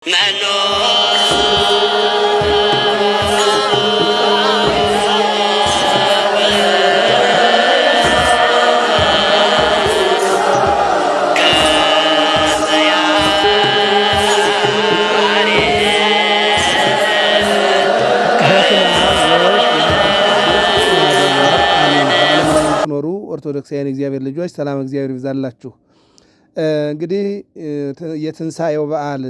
ኖሩ ኦርቶዶክሳውያን እግዚአብሔር ልጆች ሰላም እግዚአብሔር ይብዛላችሁ። እንግዲህ የትንሣኤው በዓል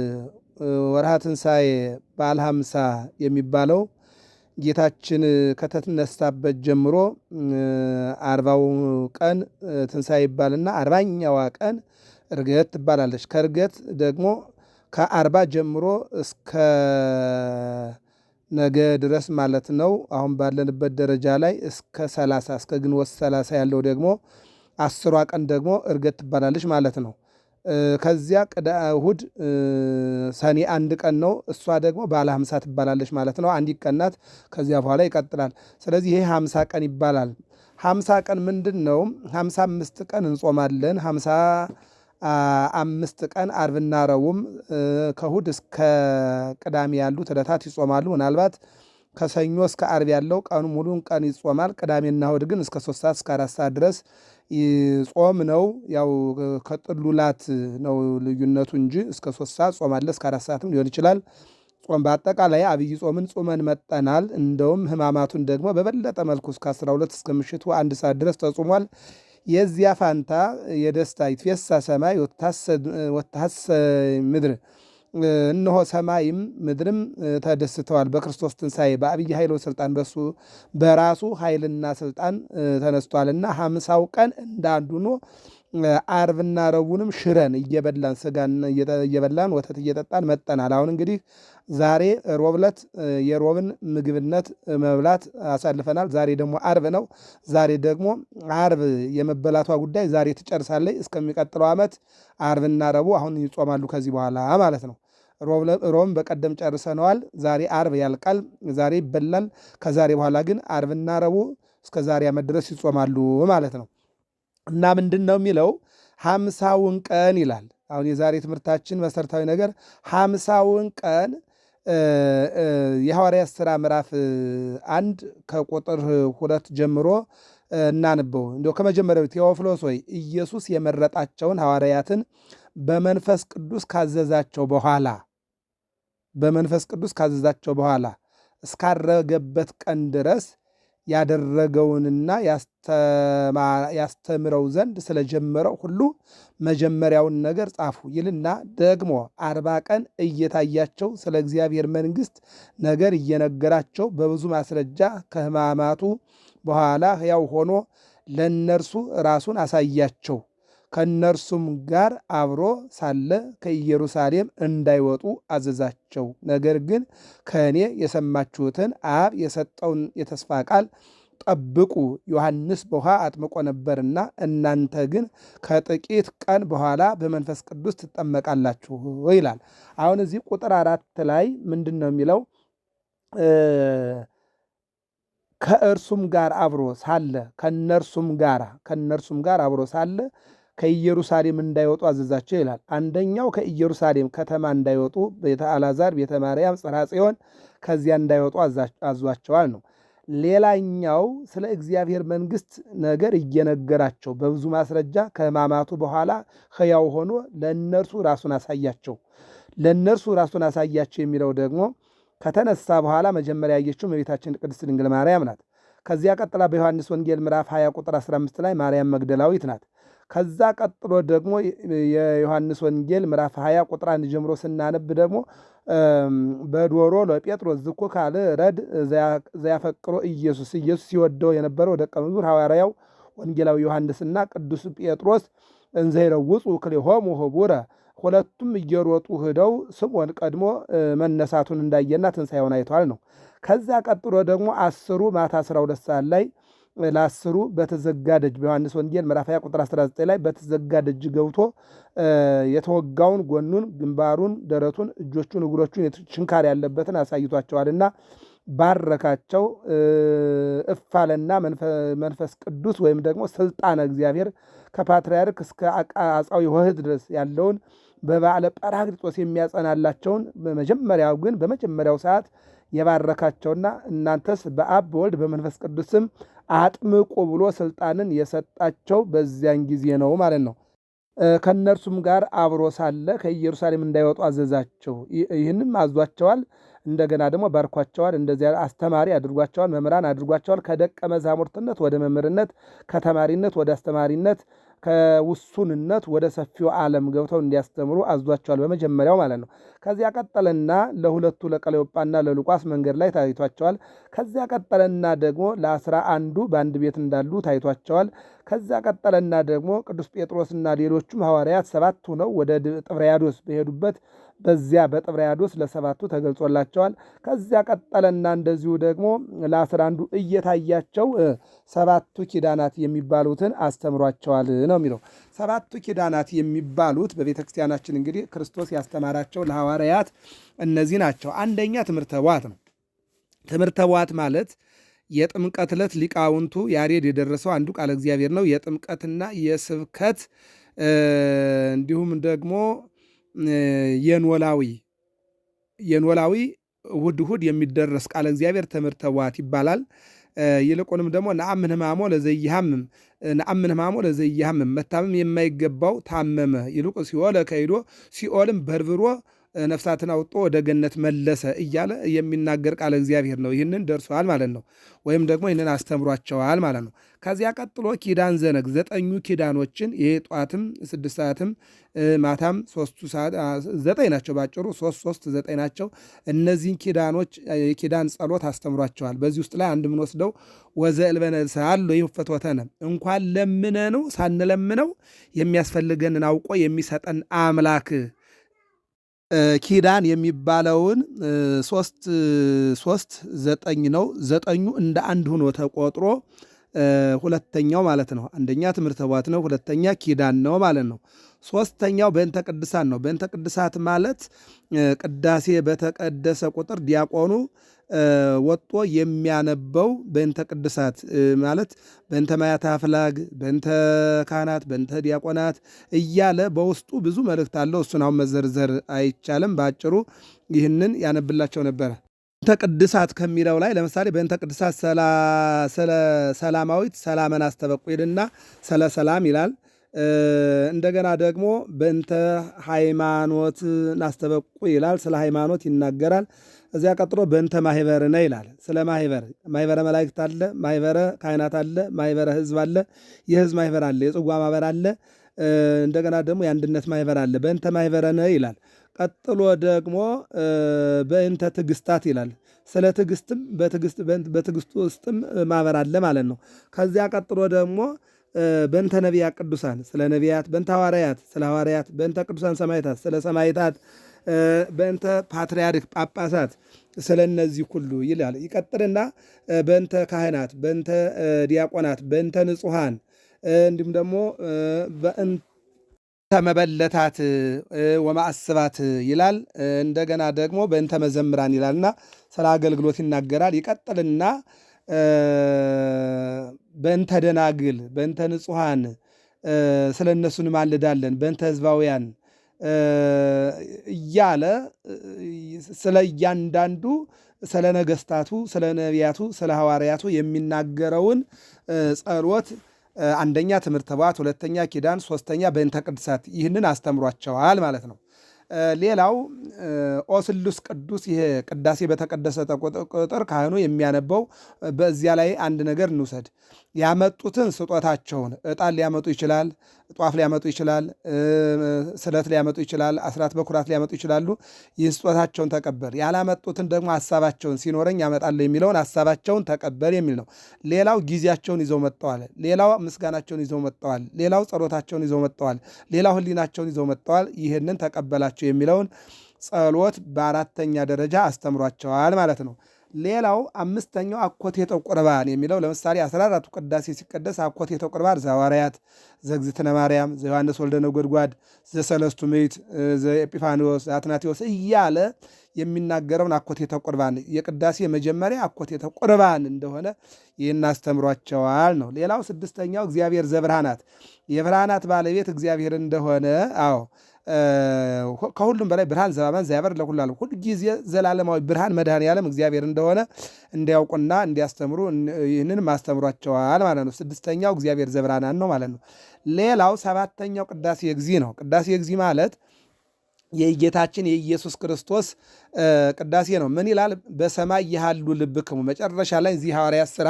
ወርሃ ትንሣኤ በዓለ ሃምሳ የሚባለው ጌታችን ከተነሳበት ጀምሮ አርባው ቀን ትንሣኤ ይባልና አርባኛዋ ቀን እርገት ትባላለች። ከእርገት ደግሞ ከአርባ ጀምሮ እስከ ነገ ድረስ ማለት ነው። አሁን ባለንበት ደረጃ ላይ እስከ ሰላሳ እስከ ግንቦት ሰላሳ ያለው ደግሞ አስሯ ቀን ደግሞ እርገት ትባላለች ማለት ነው። ከዚያ ቅዳ እሁድ ሰኔ አንድ ቀን ነው። እሷ ደግሞ ባለ ሀምሳ ትባላለች ማለት ነው። አንዲት ቀናት ከዚያ በኋላ ይቀጥላል። ስለዚህ ይሄ ሀምሳ ቀን ይባላል። ሀምሳ ቀን ምንድን ነው? ሀምሳ አምስት ቀን እንጾማለን። ሀምሳ አምስት ቀን አርብና ረቡዕም ከእሁድ እስከ ቅዳሜ ያሉት ዕለታት ይጾማሉ ምናልባት ከሰኞ እስከ አርብ ያለው ቀኑ ሙሉን ቀን ይጾማል። ቅዳሜና ሆድ ግን እስከ ሶስት ሰዓት እስከ አራት ሰዓት ድረስ ጾም ነው። ያው ከጥሉላት ነው ልዩነቱ እንጂ እስከ ሶስት ሰዓት ጾማለ እስከ አራት ሰዓትም ሊሆን ይችላል። ጾም በአጠቃላይ አብይ ጾምን ጾመን መጠናል። እንደውም ህማማቱን ደግሞ በበለጠ መልኩ እስከ 12 እስከ ምሽቱ አንድ ሰዓት ድረስ ተጾሟል። የዚያ ፋንታ የደስታ ይትፌሳ ሰማይ ወታሰ ምድር እነሆ ሰማይም ምድርም ተደስተዋል በክርስቶስ ትንሣኤ በአብይ ኃይሎ ስልጣን በሱ በራሱ ኃይልና ስልጣን ተነስቷልና ሀምሳው ቀን እንዳንዱ ኖ አርብና ረቡንም ሽረን እየበላን ስጋን እየበላን ወተት እየጠጣን መጠናል። አሁን እንግዲህ ዛሬ ሮብ ዕለት የሮብን ምግብነት መብላት አሳልፈናል። ዛሬ ደግሞ አርብ ነው። ዛሬ ደግሞ አርብ የመበላቷ ጉዳይ ዛሬ ትጨርሳለች። እስከሚቀጥለው ዓመት አርብና ረቡ አሁን ይጾማሉ ከዚህ በኋላ ማለት ነው። ሮም በቀደም ጨርሰነዋል። ዛሬ አርብ ያልቃል። ዛሬ ይበላል። ከዛሬ በኋላ ግን አርብና ረቡዕ እስከ ዛሬ ዓመት ድረስ ይጾማሉ ማለት ነው እና ምንድን ነው የሚለው ሀምሳውን ቀን ይላል። አሁን የዛሬ ትምህርታችን መሰረታዊ ነገር ሀምሳውን ቀን የሐዋርያት ሥራ ምዕራፍ አንድ ከቁጥር ሁለት ጀምሮ እናንበው። እንዲያው ከመጀመሪያው ቴዎፍሎስ ሆይ ኢየሱስ የመረጣቸውን ሐዋርያትን በመንፈስ ቅዱስ ካዘዛቸው በኋላ በመንፈስ ቅዱስ ካዘዛቸው በኋላ እስካረገበት ቀን ድረስ ያደረገውንና ያስተምረው ዘንድ ስለጀመረው ሁሉ መጀመሪያውን ነገር ጻፉ ይልና ደግሞ አርባ ቀን እየታያቸው ስለ እግዚአብሔር መንግሥት ነገር እየነገራቸው በብዙ ማስረጃ ከሕማማቱ በኋላ ሕያው ሆኖ ለእነርሱ ራሱን አሳያቸው። ከእነርሱም ጋር አብሮ ሳለ ከኢየሩሳሌም እንዳይወጡ አዘዛቸው። ነገር ግን ከእኔ የሰማችሁትን አብ የሰጠውን የተስፋ ቃል ጠብቁ። ዮሐንስ በውሃ አጥምቆ ነበርና እናንተ ግን ከጥቂት ቀን በኋላ በመንፈስ ቅዱስ ትጠመቃላችሁ ይላል። አሁን እዚህ ቁጥር አራት ላይ ምንድን ነው የሚለው? ከእርሱም ጋር አብሮ ሳለ ከነርሱም ጋር ከነርሱም ጋር አብሮ ሳለ ከኢየሩሳሌም እንዳይወጡ አዘዛቸው ይላል። አንደኛው ከኢየሩሳሌም ከተማ እንዳይወጡ ቤተ አልዓዛር፣ ቤተ ማርያም፣ ጽርሐ ጽዮን ከዚያ እንዳይወጡ አዟቸዋል ነው። ሌላኛው ስለ እግዚአብሔር መንግስት ነገር እየነገራቸው በብዙ ማስረጃ ከሕማማቱ በኋላ ሕያው ሆኖ ለእነርሱ ራሱን አሳያቸው። ለእነርሱ ራሱን አሳያቸው የሚለው ደግሞ ከተነሳ በኋላ መጀመሪያ ያየችው መቤታችን ቅድስት ድንግል ማርያም ናት። ከዚያ ቀጥላ በዮሐንስ ወንጌል ምዕራፍ 20 ቁጥር 15 ላይ ማርያም መግደላዊት ናት። ከዛ ቀጥሎ ደግሞ የዮሐንስ ወንጌል ምዕራፍ 20 ቁጥር 1 ጀምሮ ስናነብ ደግሞ በዶሮ ለጴጥሮስ ዝኩ ካለ ረድ ዘያፈቅሮ ኢየሱስ ኢየሱስ ሲወደው የነበረው ደቀ መዝሙር ሐዋርያው ወንጌላዊ ዮሐንስና ቅዱስ ጴጥሮስ እንዘይለውጡ ክልኤሆሙ ህቡረ ሁለቱም እየሮጡ ሂደው ስምዖን ቀድሞ መነሳቱን እንዳየና ትንሣኤውን አይቷል ነው። ከዛ ቀጥሎ ደግሞ አስሩ ማታ አስራ ሁለት ሰዓት ላይ ለአስሩ በተዘጋ ደጅ በዮሐንስ ወንጌል ምዕራፍ 20 ቁጥር 19 ላይ በተዘጋ ደጅ ገብቶ የተወጋውን ጎኑን፣ ግንባሩን፣ ደረቱን፣ እጆቹን፣ እግሮቹን ችንካር ያለበትን አሳይቷቸዋልና ባረካቸው። እፋለና መንፈስ ቅዱስ ወይም ደግሞ ስልጣነ እግዚአብሔር ከፓትርያርክ እስከ አጻዊ ወህድ ድረስ ያለውን በበዓለ ጰራቅሊጦስ የሚያጸናላቸውን በመጀመሪያው ግን በመጀመሪያው ሰዓት የባረካቸውና እናንተስ በአብ በወልድ በመንፈስ ቅዱስም አጥምቁ ብሎ ስልጣንን የሰጣቸው በዚያን ጊዜ ነው ማለት ነው። ከእነርሱም ጋር አብሮ ሳለ ከኢየሩሳሌም እንዳይወጡ አዘዛቸው። ይህንም አዟቸዋል። እንደገና ደግሞ ባርኳቸዋል። እንደዚያ አስተማሪ አድርጓቸዋል፣ መምህራን አድርጓቸዋል። ከደቀ መዛሙርትነት ወደ መምህርነት፣ ከተማሪነት ወደ አስተማሪነት ከውሱንነት ወደ ሰፊው ዓለም ገብተው እንዲያስተምሩ አዟቸዋል። በመጀመሪያው ማለት ነው። ከዚያ ቀጠለና ለሁለቱ ለቀለዮጳና ለሉቃስ መንገድ ላይ ታይቷቸዋል። ከዚያ ቀጠለና ደግሞ ለአስራ አንዱ በአንድ ቤት እንዳሉ ታይቷቸዋል። ከዚያ ቀጠለና ደግሞ ቅዱስ ጴጥሮስና ሌሎቹም ሐዋርያት ሰባት ሆነው ወደ ጥብርያዶስ በሄዱበት በዚያ በጥብርያዶስ ለሰባቱ ተገልጾላቸዋል። ከዚያ ቀጠለና እንደዚሁ ደግሞ ለአስራ አንዱ እየታያቸው ሰባቱ ኪዳናት የሚባሉትን አስተምሯቸዋል ነው የሚለው። ሰባቱ ኪዳናት የሚባሉት በቤተ ክርስቲያናችን እንግዲህ ክርስቶስ ያስተማራቸው ለሐዋርያት እነዚህ ናቸው። አንደኛ ትምህርተ ኅቡዓት ነው። ትምህርተ ኅቡዓት ማለት የጥምቀት ዕለት ሊቃውንቱ ያሬድ የደረሰው አንዱ ቃለ እግዚአብሔር ነው። የጥምቀትና የስብከት እንዲሁም ደግሞ የኖላዊ የኖላዊ እሁድ እሁድ የሚደረስ ቃለ እግዚአብሔር ትምህርተ ዋት ይባላል። ይልቁንም ደግሞ ነአምን ሕማሞ ለዘይሃምም ነአምን ሕማሞ ለዘይሃምም መታመም የማይገባው ታመመ ይልቁ ሲኦል ከሂዶ ሲኦልም በርብሮ ነፍሳትን አውጥቶ ወደ ገነት መለሰ እያለ የሚናገር ቃለ እግዚአብሔር ነው። ይህንን ደርሷል ማለት ነው፣ ወይም ደግሞ ይህንን አስተምሯቸዋል ማለት ነው። ከዚያ ቀጥሎ ኪዳን ዘነግ ዘጠኙ ኪዳኖችን የጧትም ስድስት ሰዓትም ማታም ሶስቱ ሰዓት ዘጠኝ ናቸው። ባጭሩ ሶስት ሶስት ዘጠኝ ናቸው። እነዚህን ኪዳኖች የኪዳን ጸሎት አስተምሯቸዋል። በዚህ ውስጥ ላይ አንድ ወዘ አለ ይህ ይፈትወተነ እንኳን ለምነነው ሳንለምነው የሚያስፈልገንን አውቆ የሚሰጠን አምላክ ኪዳን የሚባለውን ሶስት ሶስት ዘጠኝ ነው። ዘጠኙ እንደ አንድ ሆኖ ተቆጥሮ ሁለተኛው ማለት ነው። አንደኛ ትምህርተ ኅቡዓት ነው። ሁለተኛ ኪዳን ነው ማለት ነው። ሶስተኛው በእንተ ቅድሳት ነው። በእንተ ቅድሳት ማለት ቅዳሴ በተቀደሰ ቁጥር ዲያቆኑ ወጦ የሚያነበው በእንተ ቅዱሳት ማለት በእንተ ማያተ አፍላግ፣ በእንተ ካህናት፣ በእንተ ዲያቆናት እያለ በውስጡ ብዙ መልእክት አለው። እሱን አሁን መዘርዘር አይቻልም። በአጭሩ ይህንን ያነብላቸው ነበረ። እንተ ቅድሳት ከሚለው ላይ ለምሳሌ በእንተ ቅድሳት ሰላማዊት ሰላመን አስተበቁልና ስለ ሰላም ይላል። እንደገና ደግሞ በእንተ ሃይማኖት አስተበቁ ይላል። ስለ ሃይማኖት ይናገራል። እዚያ ቀጥሎ በእንተ ማህበርነ ይላል። ስለ ማህበር ማህበረ መላእክት አለ፣ ማህበረ ካህናት አለ፣ ማህበረ ህዝብ አለ፣ የህዝብ ማህበር አለ፣ የጽዋ ማህበር አለ። እንደገና ደግሞ የአንድነት ማህበር አለ። በእንተ ማህበረነ ይላል። ቀጥሎ ደግሞ በእንተ ትዕግስታት ይላል። ስለ ትግስትም በትግስቱ ውስጥም ማህበር አለ ማለት ነው። ከዚያ ቀጥሎ ደግሞ በእንተ ነቢያት ቅዱሳን ስለ ነቢያት፣ በእንተ ሐዋርያት ስለ ሐዋርያት፣ በእንተ ቅዱሳን ሰማይታት ስለ ሰማይታት በእንተ ፓትርያርክ ጳጳሳት ስለ እነዚህ ሁሉ ይላል። ይቀጥልና በእንተ ካህናት፣ በእንተ ዲያቆናት፣ በእንተ ንጹሐን እንዲሁም ደግሞ በእንተ መበለታት ወማአስባት ይላል። እንደገና ደግሞ በእንተ መዘምራን ይላልና ስለ አገልግሎት ይናገራል። ይቀጥልና በእንተ ደናግል፣ በእንተ ንጹሐን ስለ እነሱ እንማልዳለን። በእንተ ህዝባውያን እያለ ስለ እያንዳንዱ ስለ ነገስታቱ፣ ስለ ነቢያቱ፣ ስለ ሐዋርያቱ የሚናገረውን ጸሎት አንደኛ ትምህርተ ኅቡዓት፣ ሁለተኛ ኪዳን፣ ሶስተኛ በእንተ ቅድሳት ይህንን አስተምሯቸዋል ማለት ነው። ሌላው ኦ ስሉስ ቅዱስ ይሄ ቅዳሴ በተቀደሰ ቁጥር ካህኑ የሚያነበው በዚያ ላይ አንድ ነገር እንውሰድ። ያመጡትን ስጦታቸውን ዕጣን ሊያመጡ ይችላል። ጧፍ ሊያመጡ ይችላል፣ ስለት ሊያመጡ ይችላል፣ አስራት በኩራት ሊያመጡ ይችላሉ። ይህ ስጦታቸውን ተቀበል። ያላመጡትን ደግሞ ሀሳባቸውን ሲኖረኝ ያመጣለሁ የሚለውን ሀሳባቸውን ተቀበል የሚል ነው። ሌላው ጊዜያቸውን ይዘው መጥተዋል። ሌላው ምስጋናቸውን ይዘው መጥተዋል። ሌላው ጸሎታቸውን ይዘው መጥተዋል። ሌላው ህሊናቸውን ይዘው መጥተዋል። ይህንን ተቀበላቸው የሚለውን ጸሎት በአራተኛ ደረጃ አስተምሯቸዋል ማለት ነው። ሌላው አምስተኛው አኮቴተው ቁርባን የሚለው ለምሳሌ አስራ አራቱ ቅዳሴ ሲቀደስ አኮቴተው ቁርባን ዘሐዋርያት ዘእግዝእትነ ማርያም ዘዮሐንስ ወልደ ነጎድጓድ ዘሰለስቱ ምዕት ዘኤጲፋንዮስ ዘአትናቴዎስ እያለ የሚናገረውን አኮቴተው ቁርባን የቅዳሴ መጀመሪያ አኮቴተው ቁርባን እንደሆነ ይህን አስተምሯቸዋል ነው። ሌላው ስድስተኛው እግዚአብሔር ዘብርሃናት የብርሃናት ባለቤት እግዚአብሔር እንደሆነ አዎ ከሁሉም በላይ ብርሃን ዘባበን ዘያበር ለኩላለም ሁልጊዜ ዘላለማዊ ብርሃን መድኃኔ ዓለም እግዚአብሔር እንደሆነ እንዲያውቁና እንዲያስተምሩ ይህንን ማስተምሯቸዋል ማለት ነው። ስድስተኛው እግዚአብሔር ዘብራናን ነው ማለት ነው። ሌላው ሰባተኛው ቅዳሴ እግዚ ነው። ቅዳሴ እግዚ ማለት የጌታችን የኢየሱስ ክርስቶስ ቅዳሴ ነው። ምን ይላል? በሰማይ ያሉ ልብክሙ መጨረሻ ላይ እዚህ ሐዋርያት ሥራ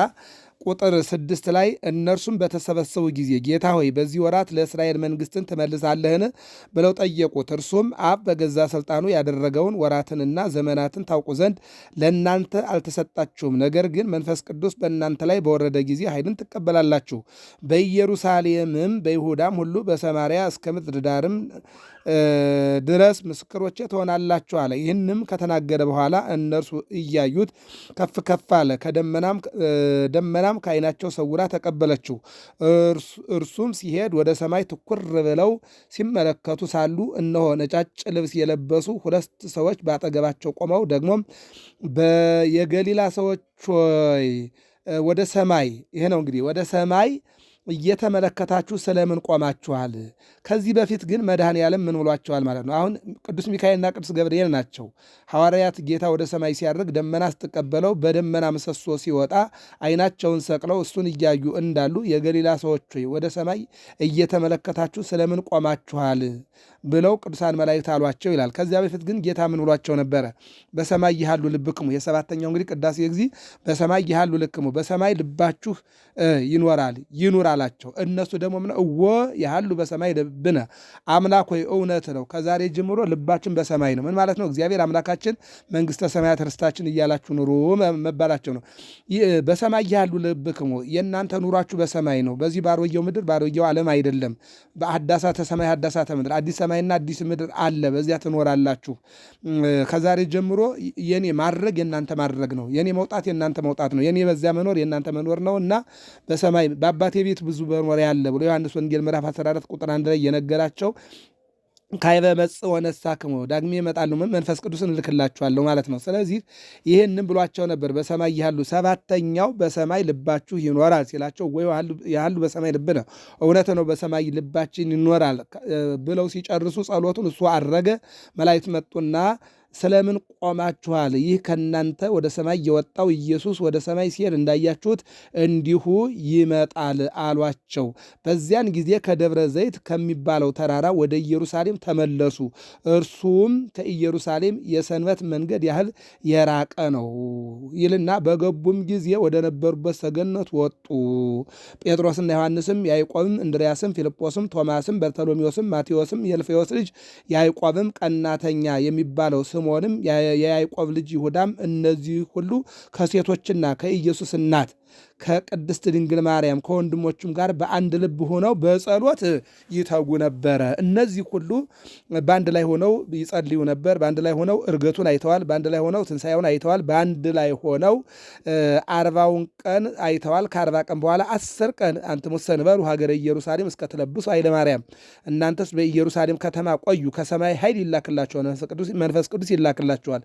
ቁጥር ስድስት ላይ እነርሱም በተሰበሰቡ ጊዜ ጌታ ሆይ በዚህ ወራት ለእስራኤል መንግስትን ትመልሳለህን ብለው ጠየቁት። እርሱም አብ በገዛ ስልጣኑ ያደረገውን ወራትንና ዘመናትን ታውቁ ዘንድ ለእናንተ አልተሰጣችሁም፣ ነገር ግን መንፈስ ቅዱስ በእናንተ ላይ በወረደ ጊዜ ኃይልን ትቀበላላችሁ። በኢየሩሳሌምም በይሁዳም ሁሉ በሰማርያ እስከ ምድር ዳርም ድረስ ምስክሮቼ ትሆናላችሁ አለ። ይህንም ከተናገረ በኋላ እነርሱ እያዩት ከፍ ከፍ አለ። ደመናም ከዓይናቸው ሰውራ ተቀበለችው። እርሱም ሲሄድ ወደ ሰማይ ትኩር ብለው ሲመለከቱ ሳሉ እነሆ ነጫጭ ልብስ የለበሱ ሁለት ሰዎች በአጠገባቸው ቆመው ደግሞም የገሊላ ሰዎች ሆይ ወደ ሰማይ ይሄ ነው እንግዲህ ወደ ሰማይ እየተመለከታችሁ ስለምን ቆማችኋል? ከዚህ በፊት ግን መድኃኔ ዓለም ምን ብሏቸዋል ማለት ነው። አሁን ቅዱስ ሚካኤልና ቅዱስ ገብርኤል ናቸው ሐዋርያት ጌታ ወደ ሰማይ ሲያደርግ ደመና ስትቀበለው በደመና ምሰሶ ሲወጣ አይናቸውን ሰቅለው እሱን እያዩ እንዳሉ የገሊላ ሰዎች ሆይ ወደ ሰማይ እየተመለከታችሁ ስለምን ቆማችኋል ብለው ቅዱሳን መላእክት አሏቸው ይላል። ከዚያ በፊት ግን ጌታ ምን ብሏቸው ነበረ? በሰማይ ይሃሉ ልብክሙ። የሰባተኛው እንግዲህ ቅዳሴ ጊዜ በሰማይ ይሃሉ ልክሙ፣ በሰማይ ልባችሁ ይኖራል ይኑራል አላቸው። እነሱ ደግሞ ምን እወ ያህሉ በሰማይ ልብነ አምላክ ወይ እውነት ነው፣ ከዛሬ ጀምሮ ልባችን በሰማይ ነው። ምን ማለት ነው? እግዚአብሔር አምላካችን መንግስተ ሰማያት ርስታችን እያላችሁ ኑሩ መባላቸው ነው። በሰማይ ያሉ ልብክሙ የእናንተ ኑሯችሁ በሰማይ ነው። በዚህ ባሮጌው ምድር ባሮጌው ዓለም አይደለም። በአዳሳተ ሰማይ አዳሳተ ምድር አዲስ ሰማይና አዲስ ምድር አለ። በዚያ ትኖራላችሁ። ከዛሬ ጀምሮ የኔ ማድረግ የእናንተ ማድረግ ነው። የኔ መውጣት የእናንተ መውጣት ነው። የኔ በዚያ መኖር የእናንተ መኖር ነው እና በሰማይ በአባቴ ቤት ብዙ መኖሪያ አለ ብሎ ዮሐንስ ወንጌል ምዕራፍ 14 ቁጥር 1 ላይ የነገራቸው ካይበ መጽ ወነሳ ክሞ ዳግሜ ይመጣሉ ምን መንፈስ ቅዱስን እልክላችኋለሁ ማለት ነው። ስለዚህ ይህንም ብሏቸው ነበር። በሰማይ ያሉ ሰባተኛው በሰማይ ልባችሁ ይኖራል ሲላቸው ወይ ያሉ በሰማይ ልብ ነው እውነት ነው፣ በሰማይ ልባችን ይኖራል ብለው ሲጨርሱ ጸሎቱን እሱ አረገ። መላእክት መጡና ስለምን ቆማችኋል? ይህ ከእናንተ ወደ ሰማይ የወጣው ኢየሱስ ወደ ሰማይ ሲሄድ እንዳያችሁት እንዲሁ ይመጣል አሏቸው። በዚያን ጊዜ ከደብረ ዘይት ከሚባለው ተራራ ወደ ኢየሩሳሌም ተመለሱ። እርሱም ከኢየሩሳሌም የሰንበት መንገድ ያህል የራቀ ነው ይልና በገቡም ጊዜ ወደ ነበሩበት ሰገነት ወጡ። ጴጥሮስና ዮሐንስም ያዕቆብም እንድርያስም ፊልጶስም ቶማስም በርተሎሜዎስም ማቴዎስም የልፌዎስ ልጅ ያዕቆብም ቀናተኛ የሚባለው ስምዖንም የያዕቆብ ልጅ ይሁዳም እነዚህ ሁሉ ከሴቶችና ከኢየሱስ እናት ከቅድስት ድንግል ማርያም ከወንድሞቹም ጋር በአንድ ልብ ሆነው በጸሎት ይተጉ ነበረ። እነዚህ ሁሉ በአንድ ላይ ሆነው ይጸልዩ ነበር። በአንድ ላይ ሆነው እርገቱን አይተዋል። በአንድ ላይ ሆነው ትንሣኤውን አይተዋል። በአንድ ላይ ሆነው አርባውን ቀን አይተዋል። ከአርባ ቀን በኋላ አስር ቀን አንትሙሰ በሩ ሀገረ ኢየሩሳሌም እስከ ትለብሱ ኃይለ ማርያም፣ እናንተስ በኢየሩሳሌም ከተማ ቆዩ፣ ከሰማይ ኃይል ይላክላችኋል፣ መንፈስ ቅዱስ ይላክላችኋል።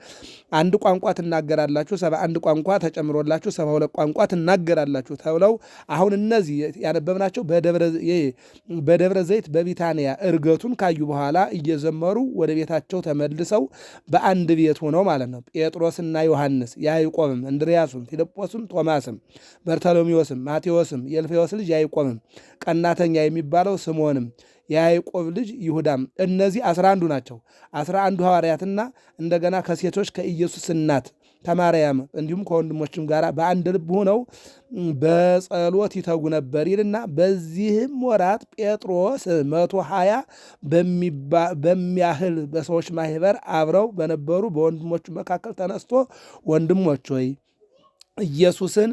አንድ ቋንቋ ትናገራላችሁ፣ ሰባ አንድ ቋንቋ ተጨምሮላችሁ ሰባ ሁለት ቋንቋ ትናገ ትናገራላችሁ ተብለው አሁን እነዚህ ያነበብናቸው በደብረ ዘይት በቢታንያ እርገቱን ካዩ በኋላ እየዘመሩ ወደ ቤታቸው ተመልሰው በአንድ ቤት ሆነው ማለት ነው ጴጥሮስና ዮሐንስ ያዕቆብም እንድርያሱም ፊልጶስም ቶማስም በርተሎሜዎስም ማቴዎስም የልፌዎስ ልጅ ያዕቆብም ቀናተኛ የሚባለው ስምዖንም የያዕቆብ ልጅ ይሁዳም እነዚህ አስራ አንዱ ናቸው። አስራ አንዱ ሐዋርያትና እንደገና ከሴቶች ከኢየሱስ እናት ከማርያም እንዲሁም ከወንድሞችም ጋር በአንድ ልብ ሆነው በጸሎት ይተጉ ነበር ይልና በዚህም ወራት ጴጥሮስ መቶ ሀያ በሚያህል በሰዎች ማህበር አብረው በነበሩ በወንድሞቹ መካከል ተነስቶ ወንድሞች ሆይ ኢየሱስን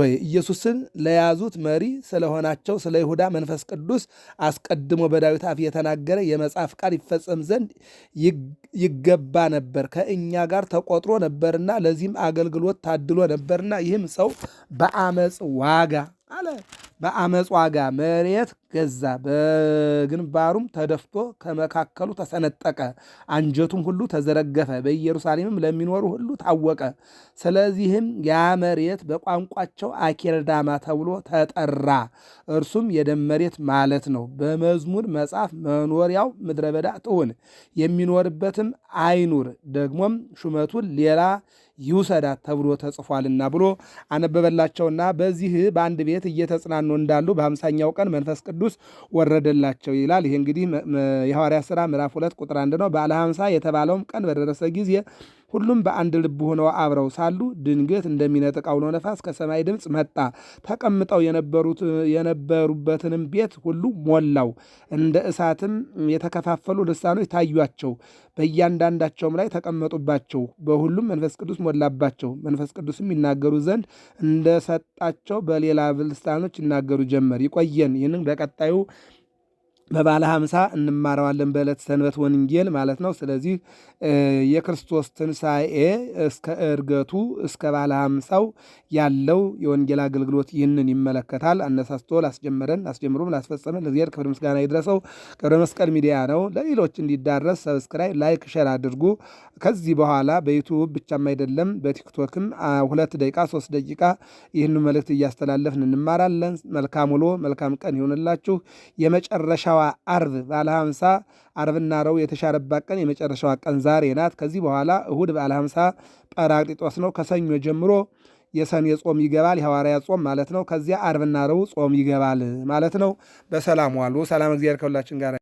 ሆይ ኢየሱስን ለያዙት መሪ ስለሆናቸው ስለ ይሁዳ መንፈስ ቅዱስ አስቀድሞ በዳዊት አፍ የተናገረ የመጽሐፍ ቃል ይፈጸም ዘንድ ይገባ ነበር፣ ከእኛ ጋር ተቆጥሮ ነበርና፣ ለዚህም አገልግሎት ታድሎ ነበርና፣ ይህም ሰው በአመፅ ዋጋ አለ። በአመፅ ዋጋ መሬት ገዛ፣ በግንባሩም ተደፍቶ ከመካከሉ ተሰነጠቀ፣ አንጀቱም ሁሉ ተዘረገፈ፣ በኢየሩሳሌምም ለሚኖሩ ሁሉ ታወቀ። ስለዚህም ያ መሬት በቋንቋቸው አኬርዳማ ተብሎ ተጠራ። እርሱም የደም መሬት ማለት ነው። በመዝሙር መጽሐፍ መኖሪያው ምድረ በዳ ትሁን፣ የሚኖርበትም አይኑር። ደግሞም ሹመቱን ሌላ ይውሰዳት ተብሎ ተጽፏልና ብሎ አነበበላቸውና በዚህ በአንድ ቤት እየተጽናኑ እንዳሉ በአምሳኛው ቀን መንፈስ ቅዱስ ወረደላቸው ይላል። ይህ እንግዲህ የሐዋርያ ሥራ ምዕራፍ ሁለት ቁጥር አንድ ነው። በዓለ ሃምሳ የተባለውም ቀን በደረሰ ጊዜ ሁሉም በአንድ ልብ ሆነው አብረው ሳሉ ድንገት እንደሚነጥቅ አውሎ ነፋስ ከሰማይ ድምፅ መጣ። ተቀምጠው የነበሩበትንም ቤት ሁሉ ሞላው። እንደ እሳትም የተከፋፈሉ ልሳኖች ታዩአቸው፣ በእያንዳንዳቸውም ላይ ተቀመጡባቸው። በሁሉም መንፈስ ቅዱስ ሞላባቸው። መንፈስ ቅዱስም ይናገሩ ዘንድ እንደሰጣቸው በሌላ ልሳኖች ይናገሩ ጀመር። ይቆየን። ይህንን በቀጣዩ በባለ ሀምሳ እንማረዋለን በዕለት ሰንበት ወንጌል ማለት ነው። ስለዚህ የክርስቶስ ትንሣኤ እስከ እርገቱ እስከ ባለ ሀምሳው ያለው የወንጌል አገልግሎት ይህንን ይመለከታል። አነሳስቶ ላስጀመረን አስጀምሮም ላስፈጸመን ለዚር ክብር ምስጋና ይድረሰው። ገብረ መስቀል ሚዲያ ነው። ለሌሎች እንዲዳረስ ሰብስክራይብ፣ ላይክ፣ ሸር አድርጉ። ከዚህ በኋላ በዩቱብ ብቻም አይደለም በቲክቶክም ሁለት ደቂቃ ሶስት ደቂቃ ይህን መልእክት እያስተላለፍን እንማራለን። መልካም ውሎ መልካም ቀን ይሆንላችሁ። የመጨረሻ የመጨረሻዋ አርብ ባለ ሐምሳ አርብና ረቡዕ የተሻረባት ቀን የመጨረሻዋ ቀን ዛሬ ናት። ከዚህ በኋላ እሁድ ባለ ሐምሳ ጰራቅሊጦስ ነው። ከሰኞ ጀምሮ የሰኔ ጾም ይገባል፣ የሐዋርያ ጾም ማለት ነው። ከዚያ አርብና ረቡዕ ጾም ይገባል ማለት ነው። በሰላም ዋሉ። ሰላም እግዚአብሔር ከሁላችን ጋር